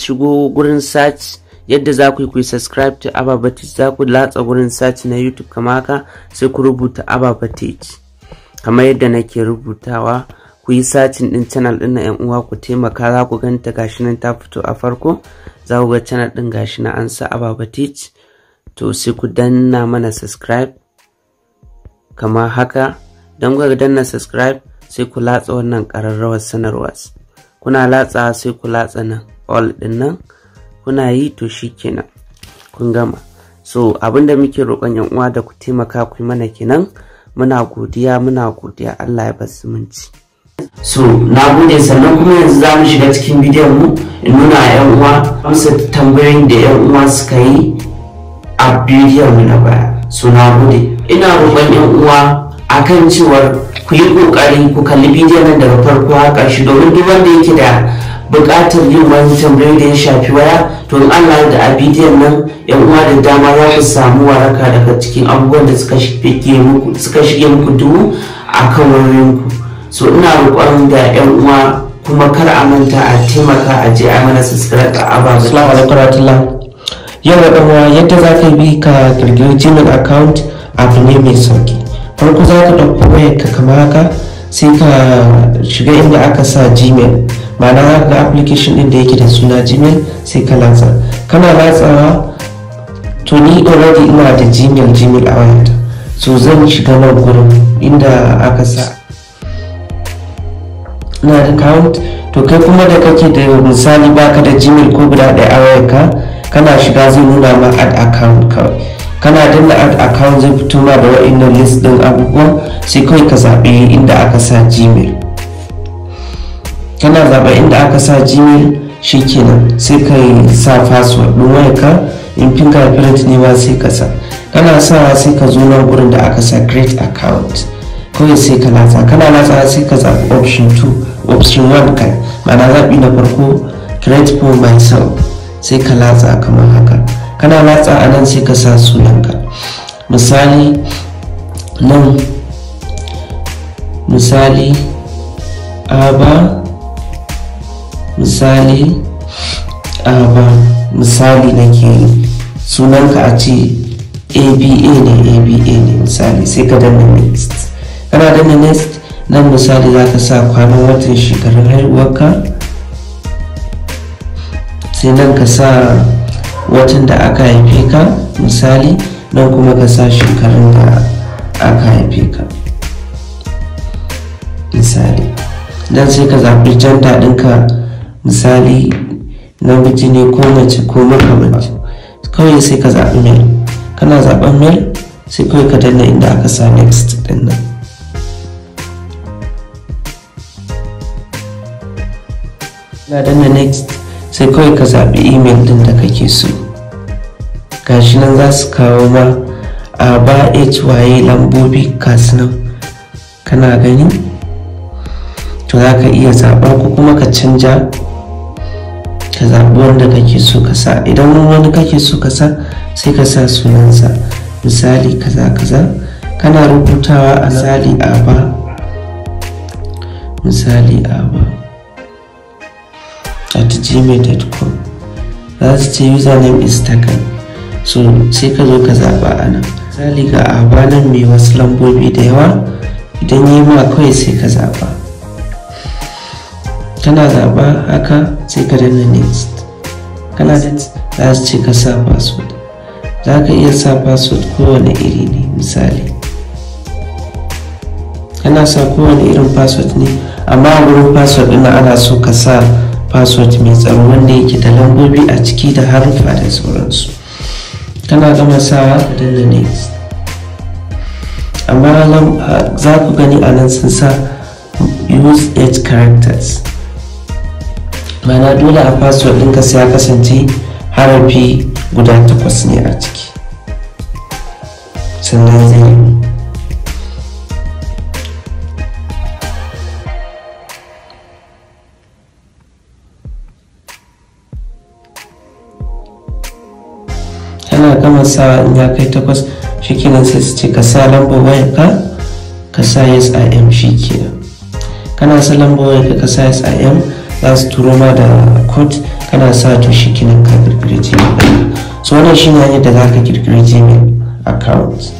shigo gurin search yadda za ku yi ku yi subscribe to za ku latsa gurin search na youtube kama haka sai ku rubuta ababatic kamar yadda nake rubutawa ku yi satin din channel din na yan uwa ku taimaka za ku ganta gashi nan ta fito a farko za ku ga channel din gashi na an sa ababatich to sai ku danna mana subscribe kama haka don ku danna subscribe sai ku latsa wannan ƙararrawar sanarwa kuna latsa sai ku latsa nan all din nan kuna yi to shikenan kun gama so abinda muke roƙon yan uwa da ku taimaka ku mana kenan muna godiya muna godiya Allah ya basu zumunci so na gode sannan kuma yanzu za mu shiga cikin bidiyon mu in nuna yan uwa amsa tambayoyin da yan uwa suka yi a bidiyon mu na baya so na gode ina roƙon yan uwa akan cewar ku yi ƙoƙari ku kalli bidiyon nan daga farko har ƙarshe domin duk wanda yake da buƙatar yin wani tambayi da ya shafi waya to in Allah da a bidiyon nan yan uwa da dama za ku samu waraka daga cikin abubuwan da suka shige muku suka a kan wayoyinku so ina roƙon da yan uwa kuma kar a manta a taimaka a je a mana subscribe a ababen assalamu alaikum warahmatullah yau da ɗan yadda za ka bi ka kirkiri gmail account abu ne mai sauki farko za ka ɗauki wayarka kamar haka sai ka shiga inda aka sa gmail mana za ga application din da yake da suna gmail sai ka latsa kana latsawa to ni already ina da gmail gmail a wayata so zan shiga nan gurin inda aka sa na account to kai kuma da kake da misali baka da gmail ko guda ɗaya a wayarka kana shiga zai nuna ma ad account kawai kana danna ad account zai fito ma da wa'annan list din abubuwa sai kawai ka zaɓi inda aka sa gmail kana zaɓa inda aka sa gmail shikenan sai ka sa password ɗin wayarka in fingerprint ne ma sai ka sa kana sa sai ka zo nan gurin da aka sa create account kawai sai ka latsa kana latsa sai ka zaɓi option 2 option 1 kai ma'ana zaɓi na farko create for myself sai ka latsa kamar haka kana latsa a nan sai ka sa sunanka misali nan misali aba misali a ba misali na ke sunanka a ce aba ne aba ne misali sai ka danna next kana danna next nan misali za ka sa kwanan watan shekarun haihuwarka sai nan ka sa watan da aka haife ka misali nan kuma ka sa shekarun da aka haife ka misali dan sai ka zaɓi jan daɗinka misali namiji ne ko mace ko makamanci kawai sai ka zaɓi mail kana zaɓen mail sai kawai ka danna inda aka sa next din nan na danna next sai kawai ka zaɓi email ɗin da kake so gashi nan za su kawo ma a ba HYA lambobi kasu nan kana gani to za ka iya zaɓa ko kuma ka canja ka zaɓi wanda kake so ka sa idan wani kake so ka sa sai ka sa sunansa misali kaza kaza kana rubutawa a misali aba misali aba at gmail.com za su ce username is taken so sai ka zo ka zaɓa a nan misali ga aba nan mai wasu lambobi da yawa idan yi ma kawai sai ka zaɓa tana zaba haka sai ka danna next kana da za su ce ka sa password za ka iya sa password kowane iri ne misali kana sa kowane irin password ne amma wurin password ɗin ana so ka sa password mai tsaro wanda yake da lambobi a ciki da haruffa da sauransu kana gama sawa ka danna next amma za ku gani a nan sun sa use 8 characters mana dole a password ɗinka sai ya kasance harafi guda takwas ne a ciki sannan zai ana gama sawa in ya kai takwas shi kenan sai su ce ka sa lambar wayarka ka sa yes i am shi kenan kana sa lambar ka ka sa yes i am za su turo ma da kot kana sa to shi kinan ka kirkiri gmail so wannan shine hanyar da za ka kirkiri a account